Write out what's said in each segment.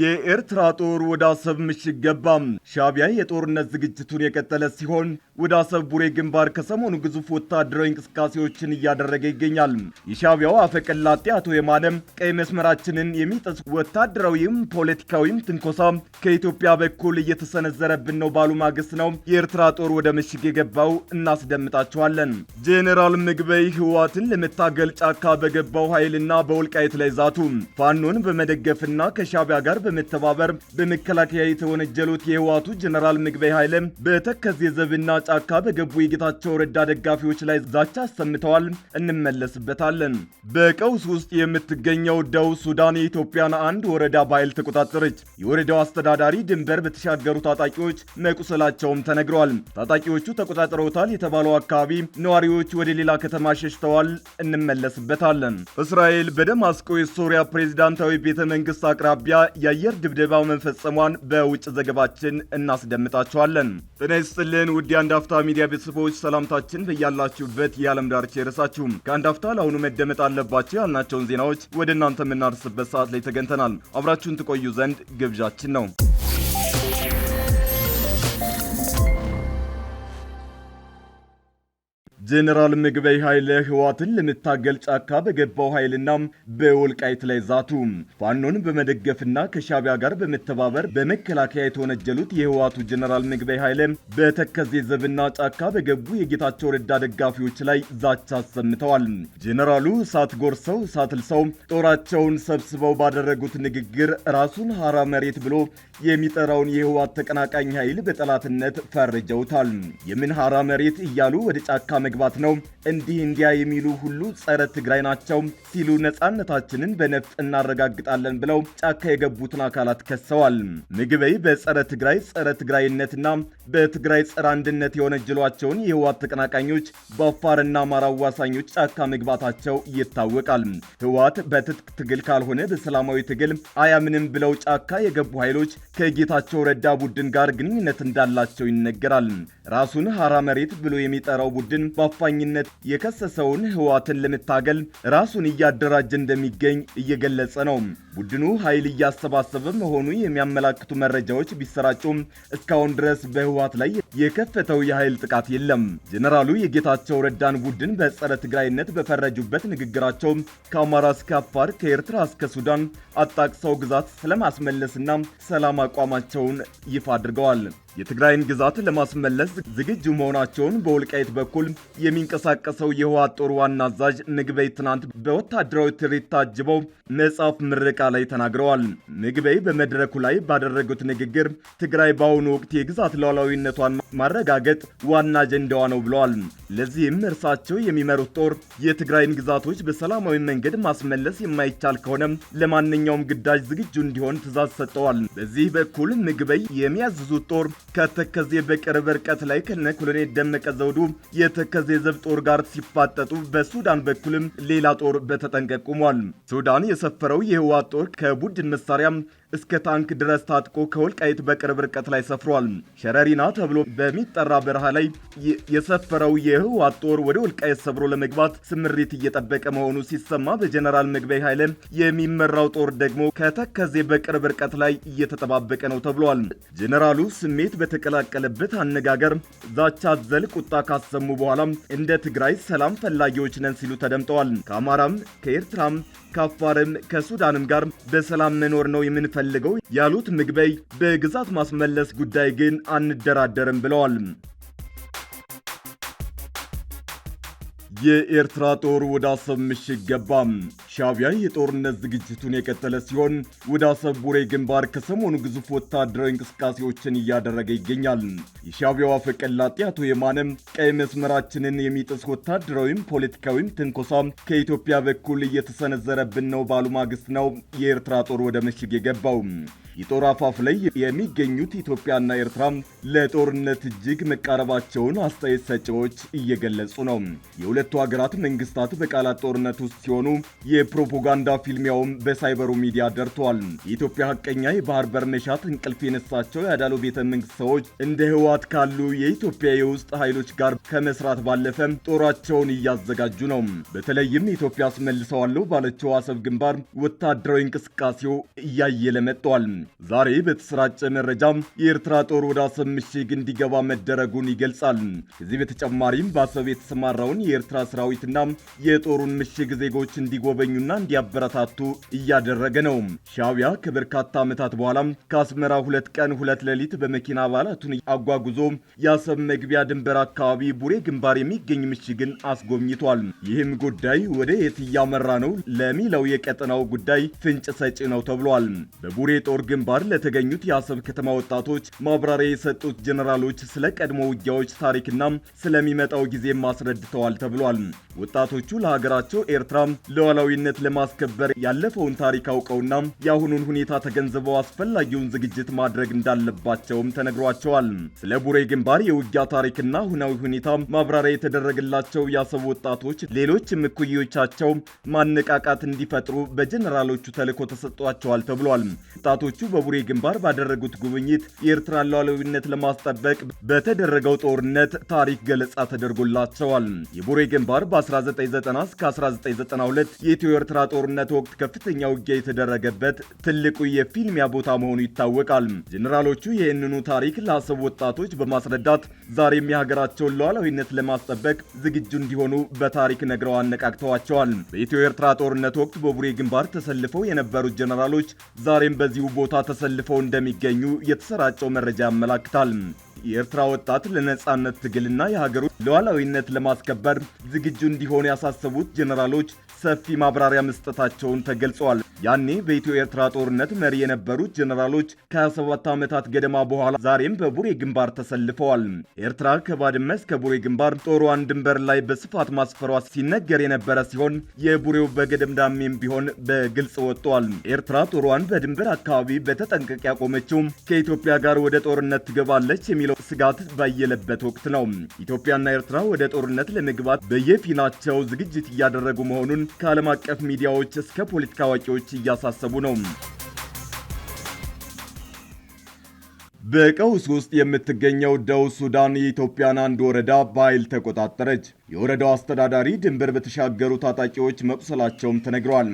የኤርትራ ጦር ወደ አሰብ ምሽግ ገባ። ሻቢያ የጦርነት ዝግጅቱን የቀጠለ ሲሆን ወደ አሰብ ቡሬ ግንባር ከሰሞኑ ግዙፍ ወታደራዊ እንቅስቃሴዎችን እያደረገ ይገኛል። የሻቢያው አፈቀላጤ አቶ የማነም ቀይ መስመራችንን የሚጥስ ወታደራዊም ፖለቲካዊም ትንኮሳ ከኢትዮጵያ በኩል እየተሰነዘረብን ነው ባሉ ማግስት ነው የኤርትራ ጦር ወደ ምሽግ የገባው። እናስደምጣቸዋለን። ጄኔራል ምግበይ ህወሓትን ለመታገል ጫካ በገባው ኃይልና በወልቃይት ላይ ዛቱ። ፋኖን በመደገፍና ከሻቢያ ጋር ጋር በመተባበር በመከላከያ የተወነጀሉት የህወሓቱ ጀነራል ምግበይ ኃይለ በተከዜ ዘብና ጫካ በገቡ የጌታቸው ረዳ ደጋፊዎች ላይ ዛቻ አሰምተዋል። እንመለስበታለን። በቀውስ ውስጥ የምትገኘው ደቡብ ሱዳን የኢትዮጵያን አንድ ወረዳ በኃይል ተቆጣጠረች። የወረዳው አስተዳዳሪ ድንበር በተሻገሩ ታጣቂዎች መቁሰላቸውም ተነግረዋል። ታጣቂዎቹ ተቆጣጥረውታል የተባለው አካባቢ ነዋሪዎች ወደ ሌላ ከተማ ሸሽተዋል። እንመለስበታለን። እስራኤል በደማስቆ የሶሪያ ፕሬዚዳንታዊ ቤተ መንግስት አቅራቢያ የአየር ድብደባው መፈጸሟን በውጭ ዘገባችን እናስደምጣችኋለን። ጤና ይስጥልን ውድ የአንድ አፍታ ሚዲያ ቤተሰቦች ሰላምታችን በያላችሁበት የዓለም ዳርቻ ይድረሳችሁ። ከአንድ አፍታ ለአሁኑ መደመጥ አለባቸው ያልናቸውን ዜናዎች ወደ እናንተ የምናደርስበት ሰዓት ላይ ተገኝተናል። አብራችሁን ትቆዩ ዘንድ ግብዣችን ነው። ጄኔራል ምግበይ ኃይለ ህዋትን ለምታገል ጫካ በገባው ኃይልና በወልቃይት ላይ ዛቱ። ፋኖን በመደገፍና ከሻቢያ ጋር በመተባበር በመከላከያ የተወነጀሉት የህዋቱ ጄኔራል ምግበይ ኃይለ በተከዜ ዘብና ጫካ በገቡ የጌታቸው ረዳ ደጋፊዎች ላይ ዛቻ አሰምተዋል። ጄኔራሉ እሳት ጎርሰው እሳት ልሰው ጦራቸውን ሰብስበው ባደረጉት ንግግር ራሱን ሀራ መሬት ብሎ የሚጠራውን የህዋት ተቀናቃኝ ኃይል በጠላትነት ፈርጀውታል። የምን ሀራ መሬት እያሉ ወደ ጫካ መግባት ነው። እንዲህ እንዲያ የሚሉ ሁሉ ጸረ ትግራይ ናቸው ሲሉ ነጻነታችንን በነፍጥ እናረጋግጣለን ብለው ጫካ የገቡትን አካላት ከሰዋል። ምግበይ በጸረ ትግራይ ጸረ ትግራይነትና በትግራይ ጸረ አንድነት የወነጀሏቸውን የህወሓት ተቀናቃኞች በአፋርና አማራ አዋሳኞች ጫካ መግባታቸው ይታወቃል። ህወሓት በትጥቅ ትግል ካልሆነ በሰላማዊ ትግል አያምንም ብለው ጫካ የገቡ ኃይሎች ከጌታቸው ረዳ ቡድን ጋር ግንኙነት እንዳላቸው ይነገራል። ራሱን ሐራ መሬት ብሎ የሚጠራው ቡድን በአፋኝነት የከሰሰውን ህወሓትን ለመታገል ራሱን እያደራጀ እንደሚገኝ እየገለጸ ነው። ቡድኑ ኃይል እያሰባሰበ መሆኑ የሚያመላክቱ መረጃዎች ቢሰራጩም እስካሁን ድረስ በህወሓት ላይ የከፈተው የኃይል ጥቃት የለም። ጀነራሉ የጌታቸው ረዳን ቡድን በጸረ ትግራይነት በፈረጁበት ንግግራቸው ከአማራ እስከ አፋር፣ ከኤርትራ እስከ ሱዳን አጣቅሰው ግዛት ስለማስመለስና ሰላም አቋማቸውን ይፋ አድርገዋል። የትግራይን ግዛት ለማስመለስ ዝግጁ መሆናቸውን በወልቃይት በኩል የሚንቀሳቀሰው የህወሓት ጦር ዋና አዛዥ ምግበይ ትናንት በወታደራዊ ትርኢት ታጅበው መጽሐፍ ምረቃ ላይ ተናግረዋል። ምግበይ በመድረኩ ላይ ባደረጉት ንግግር ትግራይ በአሁኑ ወቅት የግዛት ሉዓላዊነቷን ማረጋገጥ ዋና አጀንዳዋ ነው ብለዋል። ለዚህም እርሳቸው የሚመሩት ጦር የትግራይን ግዛቶች በሰላማዊ መንገድ ማስመለስ የማይቻል ከሆነ ለማንኛውም ግዳጅ ዝግጁ እንዲሆን ትዛዝ ሰጥተዋል። በዚህ በኩል ምግበይ የሚያዝዙት ጦር ከተከዜ በቅርብ ርቀት ላይ ከነ ኮሎኔል ደመቀ ዘውዱ የተከዜ ዘብ ጦር ጋር ሲፋጠጡ በሱዳን በኩልም ሌላ ጦር በተጠንቀቅ ቆሟል። ሱዳን የሰፈረው የህወሓት ጦር ከቡድን መሳሪያ እስከ ታንክ ድረስ ታጥቆ ከወልቃይት በቅርብ ርቀት ላይ ሰፍሯል። ሸረሪና ተብሎ በሚጠራ በረሃ ላይ የሰፈረው የህወሓት ጦር ወደ ወልቃይት ሰብሮ ለመግባት ስምሪት እየጠበቀ መሆኑ ሲሰማ፣ በጀነራል ምግበይ ኃይለ የሚመራው ጦር ደግሞ ከተከዜ በቅርብ ርቀት ላይ እየተጠባበቀ ነው ተብሏል። ጀነራሉ ስሜት በተቀላቀለበት አነጋገር ዛቻ ዘል ቁጣ ካሰሙ በኋላ እንደ ትግራይ ሰላም ፈላጊዎች ነን ሲሉ ተደምጠዋል። ከአማራም ከኤርትራም ከአፋርም ከሱዳንም ጋር በሰላም መኖር ነው የምንፈልገው ያሉት ምግበይ በግዛት ማስመለስ ጉዳይ ግን አንደራደርም ብለዋል። የኤርትራ ጦር ወደ አሰብ ምሽግ ገባ። ሻቢያ የጦርነት ዝግጅቱን የቀጠለ ሲሆን ወደ አሰብ ቡሬ ግንባር ከሰሞኑ ግዙፍ ወታደራዊ እንቅስቃሴዎችን እያደረገ ይገኛል። የሻቢያው አፈቀላጤ አቶ የማነም ቀይ መስመራችንን የሚጥስ ወታደራዊም ፖለቲካዊም ትንኮሳ ከኢትዮጵያ በኩል እየተሰነዘረብን ነው ባሉ ማግስት ነው የኤርትራ ጦር ወደ ምሽግ የገባው። የጦር አፋፍ ላይ የሚገኙት ኢትዮጵያና ኤርትራ ለጦርነት እጅግ መቃረባቸውን አስተያየት ሰጪዎች እየገለጹ ነው። የሁለቱ ሀገራት መንግስታት በቃላት ጦርነት ውስጥ ሲሆኑ የፕሮፓጋንዳ ፊልሚያውም በሳይበሩ ሚዲያ ደርተዋል። የኢትዮጵያ ሀቀኛ የባህር በር መሻት እንቅልፍ የነሳቸው የአዳሎ ቤተ መንግስት ሰዎች እንደ ህወሓት ካሉ የኢትዮጵያ የውስጥ ኃይሎች ጋር ከመስራት ባለፈ ጦራቸውን እያዘጋጁ ነው። በተለይም ኢትዮጵያ አስመልሰዋለሁ ባለችው አሰብ ግንባር ወታደራዊ እንቅስቃሴው እያየለ መጥቷል። ዛሬ በተሰራጨ መረጃም የኤርትራ ጦር ወደ አሰብ ምሽግ እንዲገባ መደረጉን ይገልጻል። ከዚህ በተጨማሪም በአሰብ የተሰማራውን የኤርትራ ሰራዊትና የጦሩን ምሽግ ዜጎች እንዲጎበኙና እንዲያበረታቱ እያደረገ ነው። ሻቢያ ከበርካታ ዓመታት በኋላም ከአስመራ ሁለት ቀን ሁለት ሌሊት በመኪና አባላቱን አጓጉዞ የአሰብ መግቢያ ድንበር አካባቢ ቡሬ ግንባር የሚገኝ ምሽግን አስጎብኝቷል። ይህም ጉዳይ ወደ የት እያመራ ነው ለሚለው የቀጠናው ጉዳይ ፍንጭ ሰጪ ነው ተብሏል። በቡሬ ጦር ግንባር ለተገኙት የአሰብ ከተማ ወጣቶች ማብራሪያ የሰጡት ጀኔራሎች ስለ ቀድሞ ውጊያዎች ታሪክና ስለሚመጣው ጊዜም አስረድተዋል ተብሏል። ወጣቶቹ ለሀገራቸው ኤርትራ ሉዓላዊነት ለማስከበር ያለፈውን ታሪክ አውቀውና የአሁኑን ሁኔታ ተገንዝበው አስፈላጊውን ዝግጅት ማድረግ እንዳለባቸውም ተነግሯቸዋል። ስለ ቡሬ ግንባር የውጊያ ታሪክና ሁናዊ ሁኔታ ማብራሪያ የተደረገላቸው የአሰብ ወጣቶች ሌሎችም ምኩዮቻቸው ማነቃቃት እንዲፈጥሩ በጀኔራሎቹ ተልዕኮ ተሰጥቷቸዋል ተብሏል። ወጣቶቹ በቡሬ ግንባር ባደረጉት ጉብኝት የኤርትራን ሉዓላዊነት ለማስጠበቅ በተደረገው ጦርነት ታሪክ ገለጻ ተደርጎላቸዋል። የቡሬ ግንባር በ1990 እስከ 1992 የኢትዮ ኤርትራ ጦርነት ወቅት ከፍተኛ ውጊያ የተደረገበት ትልቁ የፊልሚያ ቦታ መሆኑ ይታወቃል። ጀኔራሎቹ ይህንኑ ታሪክ ለአሰብ ወጣቶች በማስረዳት ዛሬም የሀገራቸውን ሉዓላዊነት ለማስጠበቅ ዝግጁ እንዲሆኑ በታሪክ ነግረው አነቃቅተዋቸዋል። በኢትዮ ኤርትራ ጦርነት ወቅት በቡሬ ግንባር ተሰልፈው የነበሩት ጀኔራሎች ዛሬም በዚሁ ቦታ ቦታ ተሰልፈው እንደሚገኙ የተሰራጨው መረጃ ያመላክታል። የኤርትራ ወጣት ለነጻነት ትግልና የሀገሩ ሉዓላዊነት ለማስከበር ዝግጁ እንዲሆን ያሳሰቡት ጀኔራሎች ሰፊ ማብራሪያ መስጠታቸውን ተገልጸዋል። ያኔ በኢትዮ ኤርትራ ጦርነት መሪ የነበሩት ጀነራሎች ከ27 ዓመታት ገደማ በኋላ ዛሬም በቡሬ ግንባር ተሰልፈዋል። ኤርትራ ከባድመ እስከ ቡሬ ግንባር ጦሯን ድንበር ላይ በስፋት ማስፈሯ ሲነገር የነበረ ሲሆን የቡሬው በገደምዳሜም ቢሆን በግልጽ ወጥቷል። ኤርትራ ጦሯን በድንበር አካባቢ በተጠንቀቅ ያቆመችው ከኢትዮጵያ ጋር ወደ ጦርነት ትገባለች የሚለው ስጋት ባየለበት ወቅት ነው። ኢትዮጵያና ኤርትራ ወደ ጦርነት ለመግባት በየፊናቸው ዝግጅት እያደረጉ መሆኑን ከዓለም አቀፍ ሚዲያዎች እስከ ፖለቲካ አዋቂዎች እያሳሰቡ ነው። በቀውስ ውስጥ የምትገኘው ደቡብ ሱዳን የኢትዮጵያን አንድ ወረዳ በኃይል ተቆጣጠረች። የወረዳው አስተዳዳሪ ድንበር በተሻገሩ ታጣቂዎች መቁሰላቸውም ተነግሯል።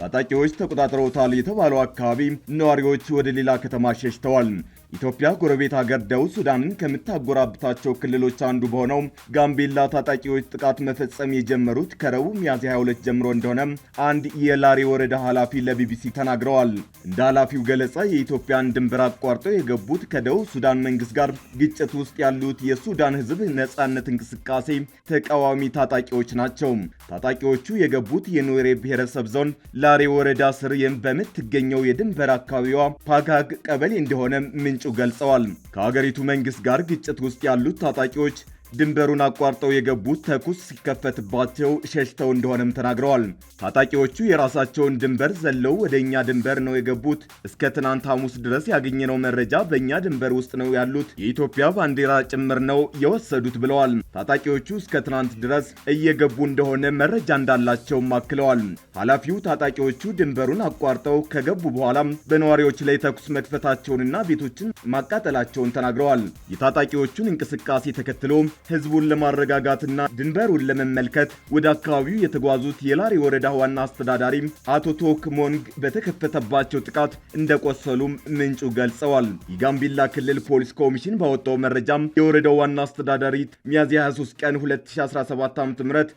ታጣቂዎች ተቆጣጥረውታል የተባለው አካባቢ ነዋሪዎች ወደ ሌላ ከተማ ሸሽተዋል። ኢትዮጵያ ጎረቤት ሀገር ደቡብ ሱዳንን ከምታጎራብታቸው ክልሎች አንዱ በሆነው ጋምቤላ ታጣቂዎች ጥቃት መፈጸም የጀመሩት ከረቡዕ ሚያዝያ 22 ጀምሮ እንደሆነ አንድ የላሬ ወረዳ ኃላፊ ለቢቢሲ ተናግረዋል። እንደ ኃላፊው ገለጻ የኢትዮጵያን ድንበር አቋርጠው የገቡት ከደቡብ ሱዳን መንግስት ጋር ግጭት ውስጥ ያሉት የሱዳን ህዝብ ነጻነት እንቅስቃሴ ተቃዋሚ ታጣቂዎች ናቸው። ታጣቂዎቹ የገቡት የኖሬ ብሔረሰብ ዞን ላሬ ወረዳ ስር በምትገኘው የድንበር አካባቢዋ ፓጋግ ቀበሌ እንደሆነ ምንጭ ምንጩ ገልጸዋል። ከሀገሪቱ መንግስት ጋር ግጭት ውስጥ ያሉት ታጣቂዎች ድንበሩን አቋርጠው የገቡት ተኩስ ሲከፈትባቸው ሸሽተው እንደሆነም ተናግረዋል። ታጣቂዎቹ የራሳቸውን ድንበር ዘለው ወደ እኛ ድንበር ነው የገቡት። እስከ ትናንት ሐሙስ ድረስ ያገኘነው መረጃ በእኛ ድንበር ውስጥ ነው ያሉት፣ የኢትዮጵያ ባንዲራ ጭምር ነው የወሰዱት ብለዋል። ታጣቂዎቹ እስከ ትናንት ድረስ እየገቡ እንደሆነ መረጃ እንዳላቸውም አክለዋል። ኃላፊው ታጣቂዎቹ ድንበሩን አቋርጠው ከገቡ በኋላም በነዋሪዎች ላይ ተኩስ መክፈታቸውንና ቤቶችን ማቃጠላቸውን ተናግረዋል። የታጣቂዎቹን እንቅስቃሴ ተከትሎ ህዝቡን ለማረጋጋትና ድንበሩን ለመመልከት ወደ አካባቢው የተጓዙት የላሪ ወረዳ ዋና አስተዳዳሪም አቶ ቶክ ሞንግ በተከፈተባቸው ጥቃት እንደቆሰሉም ምንጩ ገልጸዋል። የጋምቤላ ክልል ፖሊስ ኮሚሽን ባወጣው መረጃም የወረዳው ዋና አስተዳዳሪ ሚያዝያ 23 ቀን 2017 ዓ.ም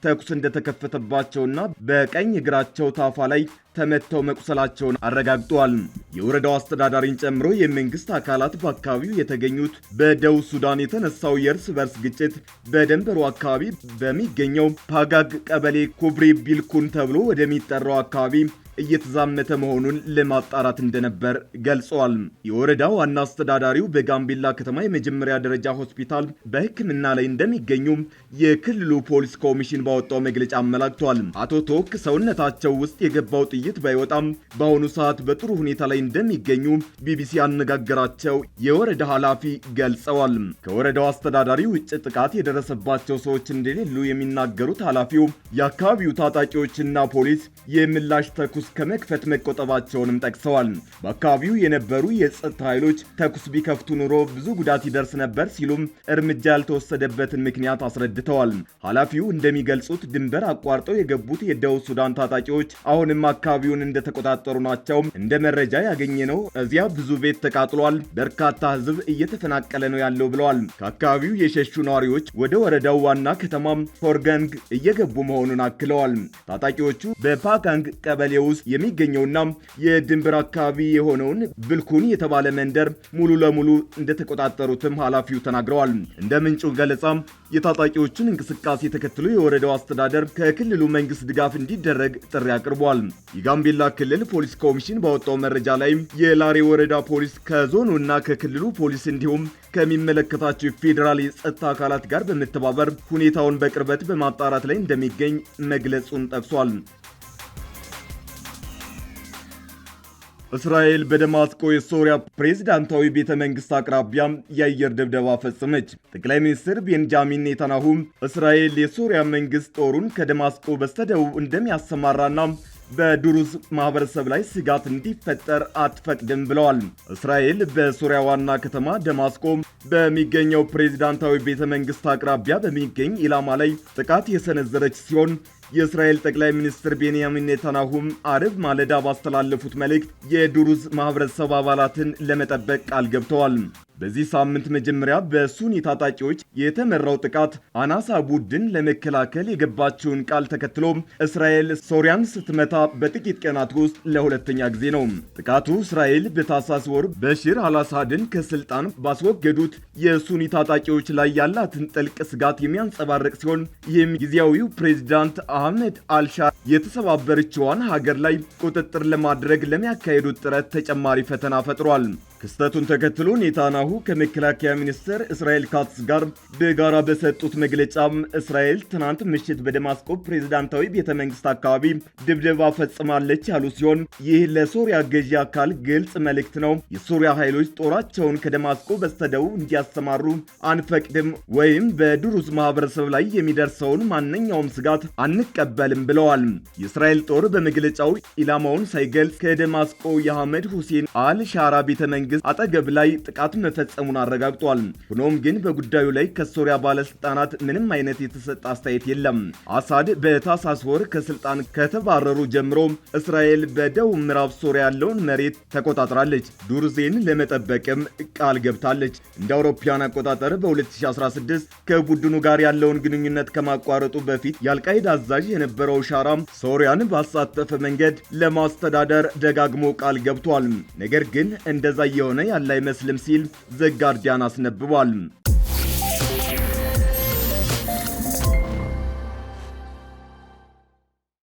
ተኩስ እንደተከፈተባቸውና በቀኝ እግራቸው ታፋ ላይ ተመተው መቁሰላቸውን አረጋግጧል። የወረዳው አስተዳዳሪን ጨምሮ የመንግስት አካላት በአካባቢው የተገኙት በደቡብ ሱዳን የተነሳው የእርስ በርስ ግጭት በደንበሩ አካባቢ በሚገኘው ፓጋግ ቀበሌ ኩብሪ ቢልኩን ተብሎ ወደሚጠራው አካባቢ እየተዛመተ መሆኑን ለማጣራት እንደነበር ገልጸዋል። የወረዳ ዋና አስተዳዳሪው በጋምቤላ ከተማ የመጀመሪያ ደረጃ ሆስፒታል በሕክምና ላይ እንደሚገኙ የክልሉ ፖሊስ ኮሚሽን ባወጣው መግለጫ አመላክቷል። አቶ ቶክ ሰውነታቸው ውስጥ የገባው ጥይት ውይይት ባይወጣም በአሁኑ ሰዓት በጥሩ ሁኔታ ላይ እንደሚገኙ ቢቢሲ ያነጋገራቸው የወረዳ ኃላፊ ገልጸዋል። ከወረዳው አስተዳዳሪ ውጭ ጥቃት የደረሰባቸው ሰዎች እንደሌሉ የሚናገሩት ኃላፊው የአካባቢው ታጣቂዎችና ፖሊስ የምላሽ ተኩስ ከመክፈት መቆጠባቸውንም ጠቅሰዋል። በአካባቢው የነበሩ የጸጥታ ኃይሎች ተኩስ ቢከፍቱ ኑሮ ብዙ ጉዳት ይደርስ ነበር ሲሉም እርምጃ ያልተወሰደበትን ምክንያት አስረድተዋል። ኃላፊው እንደሚገልጹት ድንበር አቋርጠው የገቡት የደቡብ ሱዳን ታጣቂዎች አሁንም አካባቢ አካባቢውን እንደተቆጣጠሩ ናቸው። እንደ መረጃ ያገኘ ነው። እዚያ ብዙ ቤት ተቃጥሏል፣ በርካታ ህዝብ እየተፈናቀለ ነው ያለው ብለዋል። ከአካባቢው የሸሹ ነዋሪዎች ወደ ወረዳው ዋና ከተማም ፎርገንግ እየገቡ መሆኑን አክለዋል። ታጣቂዎቹ በፓካንግ ቀበሌ ውስጥ የሚገኘውና የድንበር አካባቢ የሆነውን ብልኩን የተባለ መንደር ሙሉ ለሙሉ እንደተቆጣጠሩትም ኃላፊው ተናግረዋል። እንደ ምንጩ ገለጻ የታጣቂዎቹን እንቅስቃሴ ተከትሎ የወረዳው አስተዳደር ከክልሉ መንግስት ድጋፍ እንዲደረግ ጥሪ አቅርቧል። የጋምቤላ ክልል ፖሊስ ኮሚሽን ባወጣው መረጃ ላይ የላሬ ወረዳ ፖሊስ ከዞኑ እና ከክልሉ ፖሊስ እንዲሁም ከሚመለከታቸው ፌዴራል የጸጥታ አካላት ጋር በመተባበር ሁኔታውን በቅርበት በማጣራት ላይ እንደሚገኝ መግለጹን ጠቅሷል። እስራኤል በደማስቆ የሶሪያ ፕሬዝዳንታዊ ቤተ መንግስት አቅራቢያ የአየር ድብደባ ፈጸመች። ጠቅላይ ሚኒስትር ቤንጃሚን ኔታናሁም እስራኤል የሶሪያ መንግስት ጦሩን ከደማስቆ በስተደቡብ እንደሚያሰማራና በዱሩዝ ማህበረሰብ ላይ ስጋት እንዲፈጠር አትፈቅድም ብለዋል። እስራኤል በሱሪያ ዋና ከተማ ደማስቆ በሚገኘው ፕሬዚዳንታዊ ቤተ መንግስት አቅራቢያ በሚገኝ ኢላማ ላይ ጥቃት የሰነዘረች ሲሆን የእስራኤል ጠቅላይ ሚኒስትር ቤንያሚን ኔታናሁም አርብ ማለዳ ባስተላለፉት መልእክት የዱሩዝ ማህበረሰብ አባላትን ለመጠበቅ ቃል ገብተዋል። በዚህ ሳምንት መጀመሪያ በሱኒ ታጣቂዎች የተመራው ጥቃት አናሳ ቡድን ለመከላከል የገባቸውን ቃል ተከትሎ እስራኤል ሶሪያን ስትመታ በጥቂት ቀናት ውስጥ ለሁለተኛ ጊዜ ነው። ጥቃቱ እስራኤል በታሳስ ወር በሽር አላሳድን ከስልጣን ባስወገዱት የሱኒ ታጣቂዎች ላይ ያላትን ጥልቅ ስጋት የሚያንጸባርቅ ሲሆን ይህም ጊዜያዊው ፕሬዚዳንት አህመድ አልሻ የተሰባበረችዋን ሀገር ላይ ቁጥጥር ለማድረግ ለሚያካሄዱት ጥረት ተጨማሪ ፈተና ፈጥሯል። ክስተቱን ተከትሎ ኔታናሁ ከመከላከያ ሚኒስትር እስራኤል ካትስ ጋር በጋራ በሰጡት መግለጫም እስራኤል ትናንት ምሽት በደማስቆ ፕሬዚዳንታዊ ቤተ መንግስት አካባቢ ድብደባ ፈጽማለች ያሉ ሲሆን ይህ ለሶሪያ ገዢ አካል ግልጽ መልእክት ነው። የሶሪያ ኃይሎች ጦራቸውን ከደማስቆ በስተደቡብ እንዲያሰማሩ አንፈቅድም ወይም በድሩዝ ማህበረሰብ ላይ የሚደርሰውን ማንኛውም ስጋት አንቀበልም ብለዋል። የእስራኤል ጦር በመግለጫው ኢላማውን ሳይገልጽ ከደማስቆ የአህመድ ሁሴን አልሻራ ቤተ መንግስት መንግስት አጠገብ ላይ ጥቃቱን መፈጸሙን አረጋግጧል። ሆኖም ግን በጉዳዩ ላይ ከሶሪያ ባለስልጣናት ምንም አይነት የተሰጠ አስተያየት የለም። አሳድ በታህሳስ ወር ከስልጣን ከተባረሩ ጀምሮ እስራኤል በደቡብ ምዕራብ ሶሪያ ያለውን መሬት ተቆጣጥራለች። ዱርዜን ለመጠበቅም ቃል ገብታለች። እንደ አውሮፓውያን አቆጣጠር በ2016 ከቡድኑ ጋር ያለውን ግንኙነት ከማቋረጡ በፊት የአልቃይዳ አዛዥ የነበረው ሻራም ሶሪያን ባሳተፈ መንገድ ለማስተዳደር ደጋግሞ ቃል ገብቷል። ነገር ግን እንደዛ እየሆነ ያለ አይመስልም ሲል ዘጋርዲያን አስነብቧል።